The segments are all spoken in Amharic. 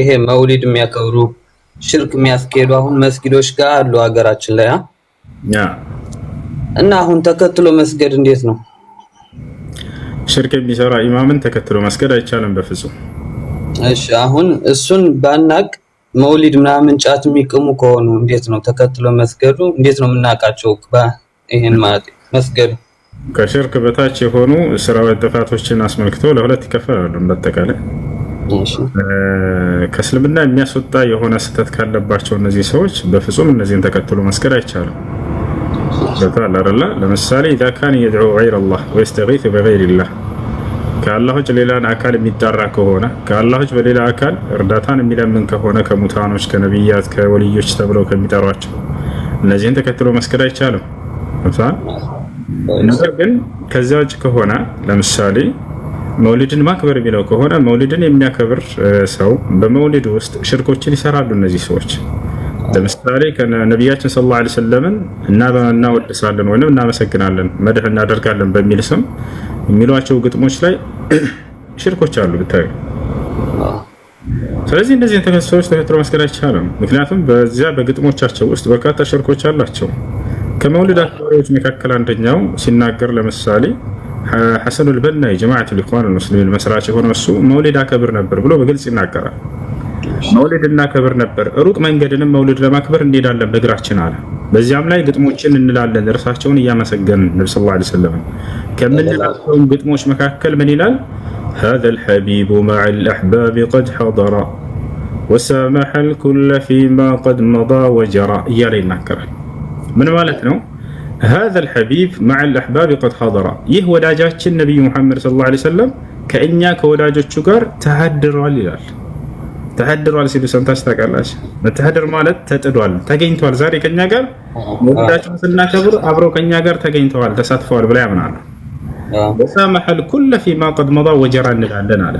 ይሄ መውሊድ የሚያከብሩ ሽርክ የሚያስኬዱ አሁን መስጊዶች ጋር አሉ ሀገራችን ላይ እና አሁን ተከትሎ መስገድ እንዴት ነው? ሽርክ የሚሰራ ኢማምን ተከትሎ መስገድ አይቻልም በፍጹም። እሺ አሁን እሱን ባናቅ መውሊድ ምናምን ጫት የሚቅሙ ከሆኑ እንዴት ነው ተከትሎ መስገዱ? እንዴት ነው የምናውቃቸው? ይሄን ማለት መስገዱ ከሽርክ በታች የሆኑ ስራ ጥፋቶችን አስመልክቶ ለሁለት ይከፈላሉ። በአጠቃላይ ከእስልምና የሚያስወጣ የሆነ ስህተት ካለባቸው እነዚህ ሰዎች በፍጹም እነዚህን ተከትሎ መስገድ አይቻልም። ታላረላ ለምሳሌ ኢዛ ካን የድዑ ገይረ ላህ ወየስተጊፍ በገይሪላህ ከአላህ ውጭ ሌላን አካል የሚጠራ ከሆነ ከአላህ ውጭ በሌላ አካል እርዳታን የሚለምን ከሆነ ከሙታኖች፣ ከነቢያት፣ ከወልዮች ተብለው ከሚጠሯቸው እነዚህን ተከትሎ መስገድ አይቻልም። ነገር ግን ከዚያ ውጭ ከሆነ ለምሳሌ መውሊድን ማክበር የሚለው ከሆነ መውሊድን የሚያከብር ሰው በመውሊድ ውስጥ ሽርኮችን ይሰራሉ እነዚህ ሰዎች። ለምሳሌ ነቢያችን ሰለላሁ ዐለይሂ ወሰለምን እናወድሳለን ወይም እናመሰግናለን፣ መድህ እናደርጋለን በሚል ስም የሚሏቸው ግጥሞች ላይ ሽርኮች አሉ ብታዩ። ስለዚህ እነዚህ የተከሰሱ ሰዎች ተፈጥሮ መስገድ አይቻልም። ምክንያቱም በዚያ በግጥሞቻቸው ውስጥ በርካታ ሽርኮች አላቸው። ከመውሊድ አካባቢዎች መካከል አንደኛው ሲናገር ለምሳሌ ሐሰኑ ልበና የጀማዓት ሊኳን ሙስሊሚን መስራች የሆነ እሱ መውሊድ አከብር ነበር ብሎ በግልጽ ይናገራል። መውሊድ እናከብር ነበር፣ ሩቅ መንገድንም መውሊድ ለማክበር እንሄዳለን በእግራችን አለ። በዚያም ላይ ግጥሞችን እንላለን፣ እርሳቸውን እያመሰገንን ነብ ስ ላ ሰለም ከምንላቸውም ግጥሞች መካከል ምን ይላል? ሀዘ ልሐቢቡ ማዕ ልአሕባቢ ቀድ ሐضራ ወሰማሐ ልኩለ ፊማ ቀድ መضى ወጀራ እያለ ይናገራል። ምን ማለት ነው? ሀዘል ሐቢብ መዐል አሕባቢ ቀድ ሐደራ ይህ ወዳጃችን ነቢዩ ሙሐመድ ሰለላሁ ዓለይሂ ወሰለም ከእኛ ከወዳጆቹ ጋር ተሀድሯል ይላል። ተሀድሯል ሲሉ ሰምታችሁ ታውቃላችሁ? መተሀደር ማለት ተጥዷል፣ ተገኝተዋል፣ ዛሬ ከእኛ ጋር ወዳጃቸውን ስናከብር አብረው ከእኛ ጋር ተገኝተዋል፣ ተሳትፈዋል ብላ ያምናሉ። ወሳመሐል ኩለ ፊማ ቀድ መዳ ወጀራ እንላለን አለ።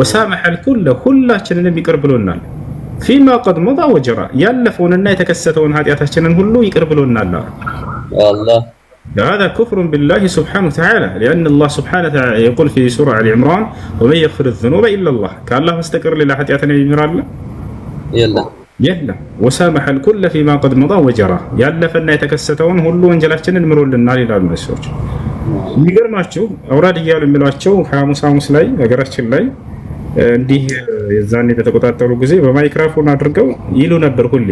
ወሳመሐል ኩለ ሁላችንንም ይቅር ብሎናል። ፊማ ቀድ መዳ ወጀራ ያለፈውንና የተከሰተውን ኃጢአታችንን ሁሉ ይቅር ብሎናል አሉ። هذا كفر بالله سبحانه وتعالى لأن الله سبحانه وتعالى يقول في سورة آل عمران ومن يغفر الذنوب إلا الله كالله مستقر لله ኃጢአትን የሚምር አለ የለም የለም ወሰመሐል ኩለ ፊማ ቀድ መዳ ወጀራ ያለፈና የተከሰተውን ሁሉ ወንጀላችንን ምሮልናል ይላሉ ነሶች የሚገርማችሁ አውራድ እያሉ የሚሏቸው ሐሙስ ሐሙስ ላይ ሀገራችን ላይ እንዲህ የዛኔ በተቆጣጠሩ ጊዜ በማይክራፎን አድርገው ይሉ ነበር ሁሌ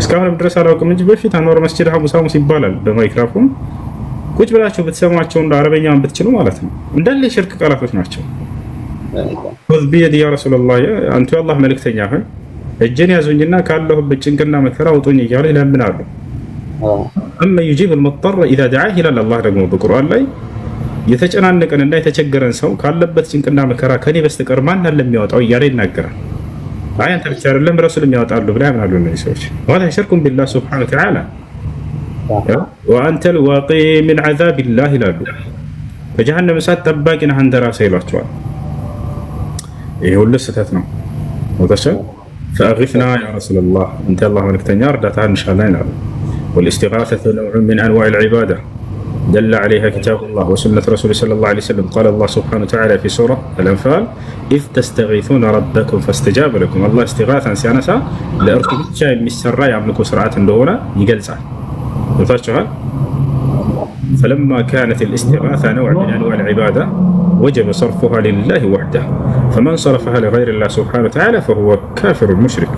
እስካሁንም ድረስ አላውቅም እንጂ በፊት አንዋር መስጂድ ሐሙስ ሐሙስ ይባላል። በማይክራፎን ቁጭ ብላቸው ብትሰሟቸው እንደ አረበኛን ብትችሉ ማለት ነው እንዳለ የሽርክ ቃላቶች ናቸው። ቢየዲ ያ ረሱላላ አንቱ የአላህ መልእክተኛ ሆይ እጄን ያዙኝና ካለሁበት ጭንቅና መከራ አውጡኝ እያሉ ይለምናሉ። አመ ዩጂብ ልሙጠር ኢዛ ደዓህ ይላል አላህ ደግሞ በቁርአን ላይ የተጨናነቀንና የተቸገረን ሰው ካለበት ጭንቅና መከራ ከኔ በስተቀር ማን ለሚያወጣው እያለ ይናገራል። አይ አንተ ብቻ አይደለም ረሱልም ያወጣሉ ብላ ያምናሉ እነዚህ ሰዎች። ወላ ሸርኩም ቢላህ ስብሓነ ወተዓላ ወአንተ ልዋቂ ምን ዓዛብ ላህ ይላሉ። በጀሃነም እሳት ጠባቂ ነህ አንተ ራስህ ይሏቸዋል። ይህ ሁሉ ስህተት ነው። ወተሸ ፈአግፍና ያ ረሱላላህ፣ እንተ አላህ መልክተኛ እርዳታ እንሻለን ይላሉ። ወልእስቲቃሰቱ ነውዑ ምን አንዋዕ ልዕባዳ دل عليها كتاب الله وسنة رسوله صلى الله عليه وسلم قال الله سبحانه وتعالى في سورة الأنفال إذ تستغيثون ربكم فاستجاب لكم الله استغاثا سيانسا لأركم شيء مسرى يملكوا سرعة دهونا يجلسا فهمتوا فلما كانت الاستغاثة نوع من أنواع العبادة وجب صرفها لله وحده فمن صرفها لغير الله سبحانه وتعالى فهو كافر مشرك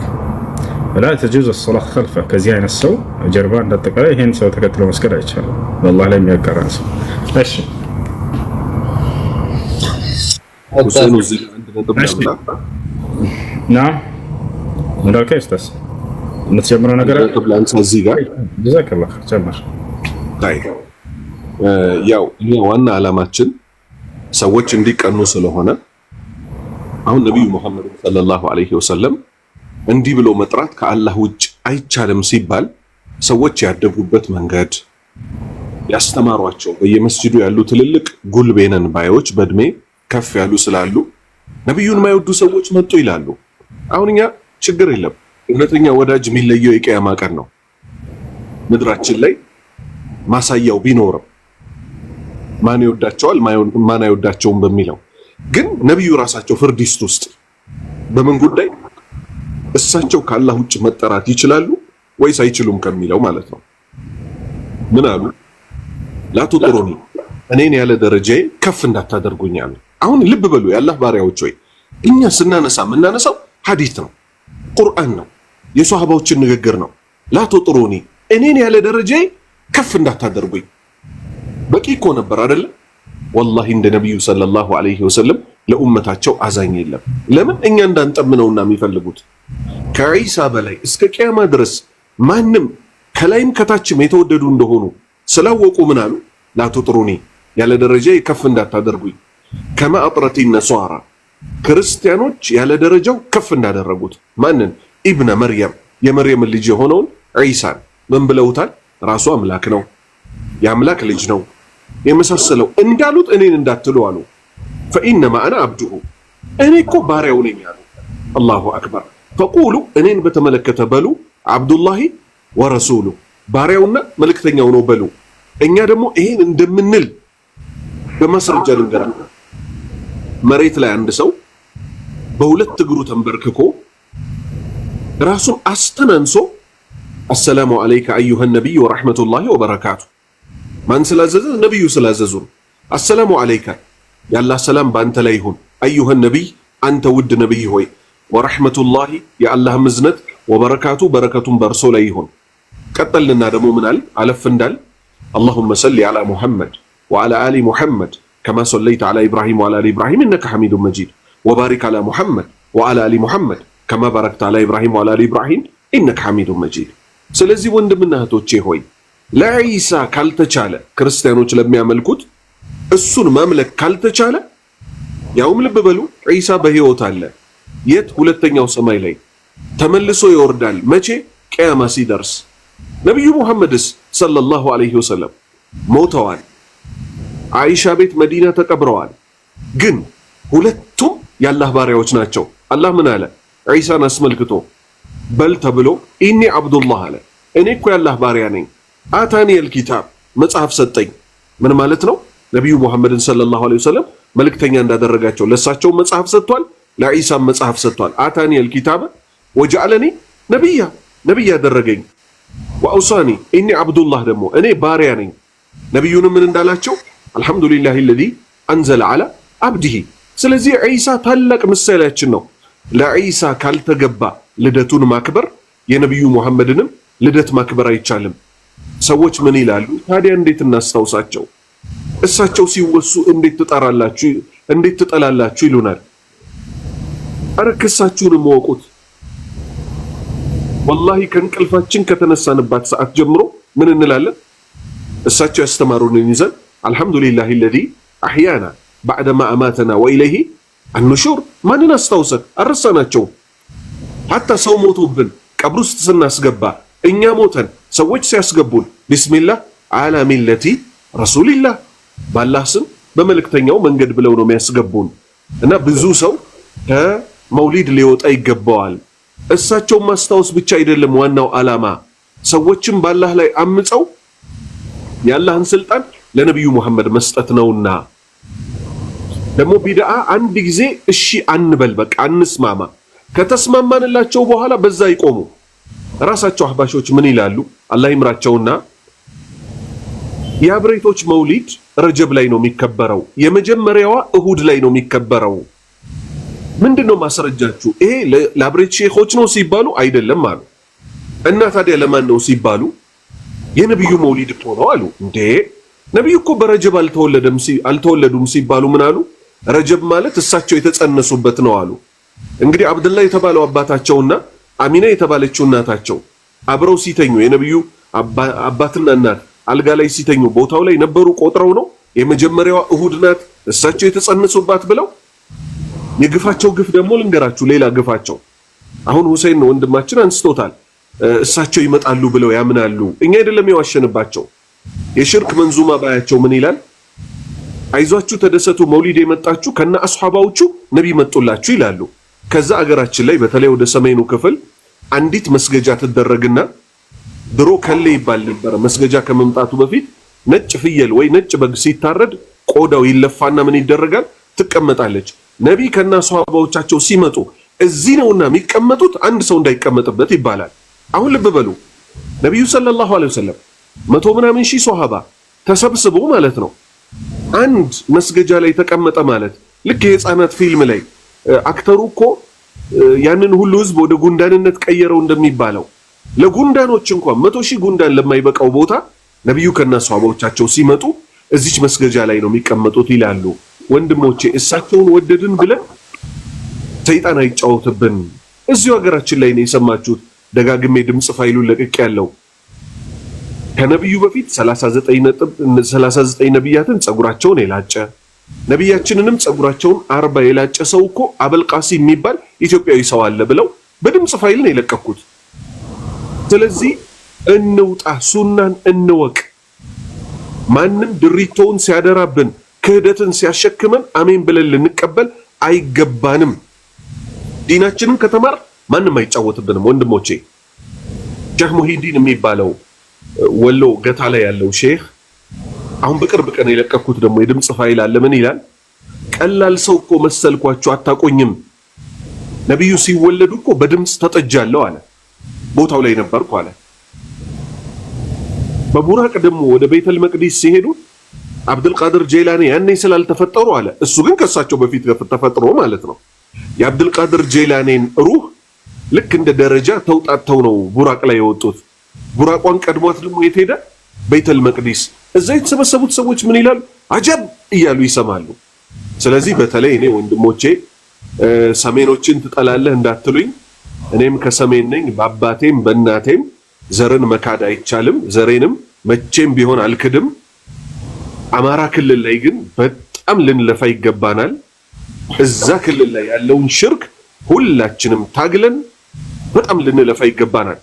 ላ ተጁዝ ሶላት ከልፈ ከዚህ አይነት ሰው ጀርባ እንዳጠቃላይ ይሄን ሰው ተከትሎ መስገድ አይቻልም። በአላህ ላይ የሚያቀራን ሰው እሺ ና እንዳልከኝ ኡስታዝ የምትጀምረው ነገር እዚህ ያው እኛ ዋና ዓላማችን ሰዎች እንዲቀኑ ስለሆነ አሁን ነቢዩ ሙሐመድ ሰለላሁ ዐለይሂ ወሰለም እንዲህ ብሎ መጥራት ከአላህ ውጭ አይቻልም ሲባል ሰዎች ያደጉበት መንገድ ያስተማሯቸው በየመስጂዱ ያሉ ትልልቅ ጉልቤነን ባዮች በእድሜ ከፍ ያሉ ስላሉ ነቢዩን የማይወዱ ሰዎች መጡ ይላሉ። አሁን እኛ ችግር የለም። እውነተኛ ወዳጅ የሚለየው የቅያማ ቀን ነው። ምድራችን ላይ ማሳያው ቢኖርም ማን ይወዳቸዋል ማን አይወዳቸውም በሚለው ግን ነቢዩ ራሳቸው ፍርድ ይስጥ ውስጥ በምን ጉዳይ እሳቸው ከአላህ ውጭ መጠራት ይችላሉ ወይስ አይችሉም ከሚለው ማለት ነው። ምን አሉ? ላትጥሩኒ እኔን ያለ ደረጃዬ ከፍ እንዳታደርጉኛል። አሁን ልብ በሉ የአላህ ባሪያዎች ወይ እኛ ስናነሳ የምናነሳው ሀዲት ነው፣ ቁርአን ነው፣ የሷሃባዎችን ንግግር ነው። ላትጥሩኒ እኔን ያለ ደረጃዬ ከፍ እንዳታደርጉኝ። በቂ እኮ ነበር አይደለም? ወላሂ እንደ ነቢዩ ሰለላሁ ዐለይሂ ወሰለም ለኡመታቸው አዛኝ የለም። ለምን እኛ እንዳንጠምነውና የሚፈልጉት ከዒሳ በላይ እስከ ቅያማ ድረስ ማንም ከላይም ከታችም የተወደዱ እንደሆኑ ስላወቁ ምን አሉ? ላቱጥሩኒ ያለ ደረጃ ከፍ እንዳታደርጉኝ፣ ከመ አጥረት ነሷራ ክርስቲያኖች ያለ ደረጃው ከፍ እንዳደረጉት ማንን? ኢብነ መርየም የመርየም ልጅ የሆነውን ዒሳን ምን ብለውታል? ራሱ አምላክ ነው፣ የአምላክ ልጅ ነው የመሳሰለው እንዳሉት እኔን እንዳትሉ አሉ። ፈኢነማ አና አብዱሁ እኔ እኮ ባሪያው ነኝ አሉ። አላሁ አክበር። ፈቁሉ እኔን በተመለከተ በሉ አብዱላሂ ወረሱሉ ባሪያውና መልእክተኛው ነው በሉ። እኛ ደግሞ ይሄን እንደምንል በማስረጃ ልንገራለን። መሬት ላይ አንድ ሰው በሁለት እግሩ ተንበርክኮ ራሱን አስተናንሶ አሰላሙ አለይከ አዩሃ ነቢይ ወረሕመቱላሂ ወበረካቱ ማን ስላዘዘ? ነብዩ ስላዘዙ። አሰላሙ አለይካ የአላህ ሰላም በአንተ ላይ ይሁን። አዩሃ ነቢይ አንተ ውድ ነብይ ሆይ ወረሕመቱላሂ የአላህ ምዝነት ወበረካቱ በረከቱን በእርሶ ላይ ይሁን። ቀጠልና ደግሞ ምናል አለፍ እንዳል አላሁመ ሰሊ ዓላ ሙሐመድ ወዓላ አሊ ሙሐመድ ከማ ሰለይተ ዓላ ኢብራሂም ወዓላ አሊ ኢብራሂም ኢነከ ሐሚዱን መጂድ ወባሪክ ዓላ ሙሐመድ ወዓላ አሊ ሙሐመድ ከማ ባረክተ ዓላ ኢብራሂም ወዓላ አሊ ኢብራሂም ኢነከ ሐሚዱን መጂድ። ስለዚህ ወንድምና እህቶቼ ሆይ ለኢሳ ካልተቻለ ክርስቲያኖች ለሚያመልኩት እሱን ማምለክ ካልተቻለ፣ ያውም ልብ በሉ ኢሳ በህይወት አለ። የት? ሁለተኛው ሰማይ ላይ ተመልሶ ይወርዳል። መቼ? ቅያማ ሲደርስ። ነቢዩ ሙሐመድስ ሰለላሁ ዐለይሂ ወሰለም ሞተዋል። አይሻ ቤት መዲና ተቀብረዋል። ግን ሁለቱም የአላህ ባሪያዎች ናቸው። አላህ ምን አለ? ዒሳን አስመልክቶ በል ተብሎ ኢኒ አብዱላህ አለ፣ እኔ እኮ የአላህ ባሪያ ነኝ አታኒየል ኪታብ መጽሐፍ ሰጠኝ። ምን ማለት ነው? ነቢዩ ሙሐመድን ሰለላሁ ዐለይሂ ወሰለም መልእክተኛ እንዳደረጋቸው ለእሳቸው መጽሐፍ ሰጥቷል፣ ለዒሳም መጽሐፍ ሰጥቷል። አታኒየል ኪታብ ወጀዐለኒ ነቢያ ነቢይ ያደረገኝ። ወአውሳኒ ኢኒ አብዱላህ ደግሞ እኔ ባሪያ ነኝ። ነብዩን ምን እንዳላቸው አልሐምዱሊላሂ ለዚ አንዘለ ዐላ አብዲሂ። ስለዚህ ዒሳ ታላቅ ምሳሌያችን ነው። ለዒሳ ካልተገባ ልደቱን ማክበር የነቢዩ ሙሐመድንም ልደት ማክበር አይቻልም። ሰዎች ምን ይላሉ ታዲያ? እንዴት እናስታውሳቸው? እሳቸው ሲወሱ እንዴት ትጠራላችሁ? እንዴት ትጠላላችሁ ይሉናል። አረ ክሳችሁንም ወቁት። ወላሂ ከእንቅልፋችን ከተነሳንባት ሰዓት ጀምሮ ምን እንላለን? እሳቸው ያስተማሩንን ይዘን አልሐምዱሊላህ ለዚ አሕያና ባዕደማ አማተና ወኢለይሂ አንሹር። ማንን አስታውሰን አረሳናቸውም። ሐታ ሰው ሞቶብን ቀብር ውስጥ ስናስገባ እኛ ሞተን ሰዎች ሲያስገቡን ቢስሚላህ አላ ሚለቲ ረሱልላህ ባላህ ስም በመልእክተኛው መንገድ ብለው ነው የሚያስገቡን። እና ብዙ ሰው ከመውሊድ ሊወጣ ይገባዋል። እሳቸውን ማስታወስ ብቻ አይደለም ዋናው ዓላማ። ሰዎችም ባላህ ላይ አምፀው የአላህን ስልጣን ለነቢዩ መሐመድ መስጠት ነውና ደግሞ ቢድአ አንድ ጊዜ እሺ አንበል፣ በቃ አንስማማ። ከተስማማንላቸው በኋላ በዛ ይቆሙ። ራሳቸው አህባሾች ምን ይላሉ? አላህ ይምራቸውና የአብሬቶች መውሊድ ረጀብ ላይ ነው የሚከበረው፣ የመጀመሪያዋ እሁድ ላይ ነው የሚከበረው። ምንድን ነው ማስረጃችሁ? ይሄ ለአብሬት ሼኾች ነው ሲባሉ አይደለም አሉ። እና ታዲያ ለማን ነው ሲባሉ የነቢዩ መውሊድ እኮ ነው አሉ። እንዴ ነቢዩ እኮ በረጀብ አልተወለዱም ሲባሉ ምን አሉ? ረጀብ ማለት እሳቸው የተጸነሱበት ነው አሉ። እንግዲህ አብድላ የተባለው አባታቸውና አሚና የተባለችው እናታቸው አብረው ሲተኙ የነብዩ አባትና እናት አልጋ ላይ ሲተኙ ቦታው ላይ ነበሩ ቆጥረው ነው የመጀመሪያዋ እሁድ ናት እሳቸው የተጸነሱባት ብለው የግፋቸው ግፍ ደግሞ ልንገራችሁ። ሌላ ግፋቸው አሁን ሁሴን ነው ወንድማችን አንስቶታል። እሳቸው ይመጣሉ ብለው ያምናሉ። እኛ አይደለም የዋሸንባቸው። የሽርክ መንዙማ ባያቸው ምን ይላል? አይዟችሁ ተደሰቱ፣ መውሊድ የመጣችሁ ከነ አስሓባዎቹ ነቢ መጡላችሁ ይላሉ። ከዛ አገራችን ላይ በተለይ ወደ ሰሜኑ ክፍል አንዲት መስገጃ ትደረግና ድሮ ከሌ ይባል ነበረ። መስገጃ ከመምጣቱ በፊት ነጭ ፍየል ወይ ነጭ በግ ሲታረድ ቆዳው ይለፋና ምን ይደረጋል? ትቀመጣለች። ነቢ ከና ሷባዎቻቸው ሲመጡ እዚህ ነውና የሚቀመጡት አንድ ሰው እንዳይቀመጥበት ይባላል። አሁን ልብ በሉ ነቢዩ ሰለላሁ ዐለይሂ ወሰለም መቶ ምናምን ሺህ ሷሃባ ተሰብስቦ ማለት ነው አንድ መስገጃ ላይ ተቀመጠ ማለት ልክ የህፃናት ፊልም ላይ አክተሩ እኮ ያንን ሁሉ ህዝብ ወደ ጉንዳንነት ቀየረው እንደሚባለው ለጉንዳኖች እንኳን መቶ ሺህ ጉንዳን ለማይበቃው ቦታ ነቢዩ ከነሱ አባዎቻቸው ሲመጡ እዚች መስገጃ ላይ ነው የሚቀመጡት ይላሉ። ወንድሞቼ እሳቸውን ወደድን ብለን ሰይጣን አይጫወትብን። እዚሁ ሀገራችን ላይ ነው የሰማችሁት። ደጋግሜ ድምፅ ፋይሉን ለቅቅ ያለው ከነቢዩ በፊት 39 ነቢያትን ጸጉራቸውን የላጨ ነቢያችንንም ጸጉራቸውን አርባ የላጨ ሰው እኮ አበልቃሲ የሚባል ኢትዮጵያዊ ሰው አለ ብለው በድምፅ ፋይል ነው የለቀኩት። ስለዚህ እንውጣ፣ ሱናን እንወቅ። ማንም ድሪቶውን ሲያደራብን ክህደትን ሲያሸክመን አሜን ብለን ልንቀበል አይገባንም። ዲናችንን ከተማር ማንም አይጫወትብንም። ወንድሞቼ ሼህ ሙሂዲን የሚባለው ወሎ ገታ ላይ ያለው ሼህ አሁን በቅርብ ቀን የለቀኩት ደግሞ የድምፅ ፋይል አለ። ምን ይላል? ቀላል ሰው እኮ መሰልኳችሁ፣ አታቆኝም ነቢዩ ሲወለዱ እኮ በድምፅ ተጠጃለሁ አለ። ቦታው ላይ ነበርኩ አለ። በቡራቅ ደግሞ ወደ ቤተል መቅዲስ ሲሄዱ አብድልቃድር ጄላኒ ያኔ ስላልተፈጠሩ አለ። እሱ ግን ከሳቸው በፊት ተፈጥሮ ማለት ነው። የአብድልቃድር ጄላኔን ሩህ ልክ እንደ ደረጃ ተውጣተው ነው ቡራቅ ላይ የወጡት። ቡራቋን ቀድሟት ደግሞ የት ሄደ? ቤተል መቅዲስ። እዛ የተሰበሰቡት ሰዎች ምን ይላሉ? አጀብ እያሉ ይሰማሉ። ስለዚህ በተለይ እኔ ወንድሞቼ ሰሜኖችን ትጠላለህ እንዳትሉኝ፣ እኔም ከሰሜን ነኝ። በአባቴም በእናቴም ዘርን መካድ አይቻልም። ዘሬንም መቼም ቢሆን አልክድም። አማራ ክልል ላይ ግን በጣም ልንለፋ ይገባናል። እዛ ክልል ላይ ያለውን ሽርክ ሁላችንም ታግለን በጣም ልንለፋ ይገባናል።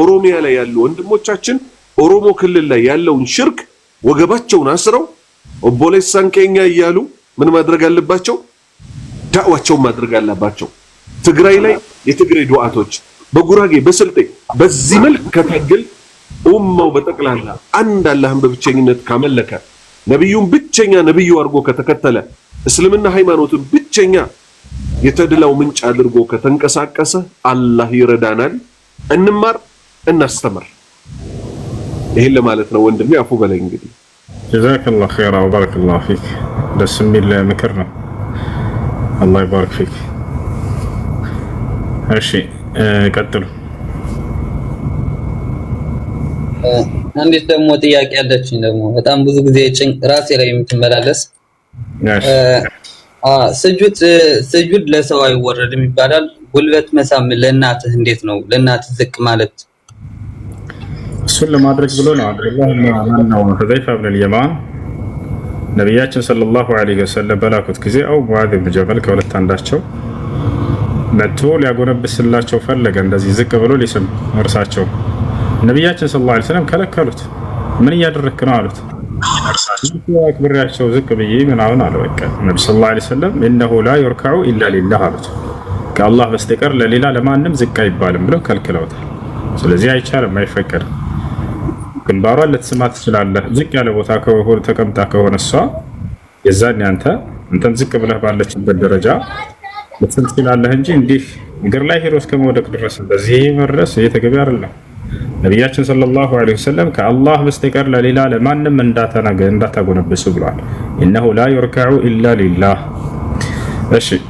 ኦሮሚያ ላይ ያሉ ወንድሞቻችን ኦሮሞ ክልል ላይ ያለውን ሽርክ ወገባቸውን አስረው ኦቦሌ ሳንቄኛ እያሉ ምን ማድረግ አለባቸው? ዳዕዋቸውን ማድረግ አለባቸው። ትግራይ ላይ የትግራይ ዱዓቶች፣ በጉራጌ በስልጤ በዚህ መልክ ከታገል ኡማው በጠቅላላ አንድ አላህን በብቸኝነት ካመለከ ነብዩም ብቸኛ ነብዩ አድርጎ ከተከተለ እስልምና ሃይማኖትን ብቸኛ የተድላው ምንጭ አድርጎ ከተንቀሳቀሰ አላህ ይረዳናል። እንማር፣ እናስተምር። ይህን ለማለት ነው ወንድሜ። አፉ በላይ እንግዲህ ጀዛከላሁ ኸይራ ወባረከላሁ ፊክ። ደስ የሚል ምክር ነው። አላህ ይባርክ ፊክ። እሺ ቀጥሉ። አንዲት ደግሞ ጥያቄ ያለችኝ ደግሞ በጣም ብዙ ጊዜ ጭንቅ ራሴ ላይ የምትመላለስ ስጁድ ስጁድ ለሰው አይወረድም ይባላል። ጉልበት መሳም ለእናትህ እንዴት ነው? ለእናትህ ዝቅ ማለት እሱን ለማድረግ ብሎ ነው አድርጋ ነው ሁዘይፋ ብን ልየማን ነቢያችን ሰለላሁ ዐለይሂ ወሰለም በላኩት ጊዜ አው ሙዓዝ ብን ጀበል ከሁለት አንዳቸው መጥቶ ሊያጎነብስላቸው ፈለገ። እንደዚህ ዝቅ ብሎ ሊስም እርሳቸው ነቢያችን ሰለላሁ ዐለይሂ ወሰለም ከለከሉት። ምን እያደረክ ነው አሉት። ክብሬያቸው ዝቅ ብዬ ምናምን አለ። በቃ ነቢ ሰለላሁ ዐለይሂ ወሰለም እነሁ ላ ዩርካዑ ኢላ ሊላህ አሉት። ከአላህ በስተቀር ለሌላ ለማንም ዝቅ አይባልም ብለው ከልክለውታል። ስለዚህ አይቻልም፣ አይፈቀድም። ግንባሯን ልትስማ ትችላለህ። ዝቅ ያለ ቦታ ተቀምጣ ከሆነ እሷ የዛን ያንተ እንተን ዝቅ ብለህ ባለችበት ደረጃ ልትስል ትችላለህ እንጂ እንዲህ እግር ላይ ሄዶ እስከ መውደቅ ድረስ በዚህ መድረስ እየተገቢ አይደለም። ነቢያችን ሰለላሁ ዐለይሂ ወሰለም ከአላህ በስተቀር ለሌላ ለማንም እንዳታጎነብሱ ብሏል። ኢነሁ ላ ዩርከዑ ኢላ ሊላህ። እሺ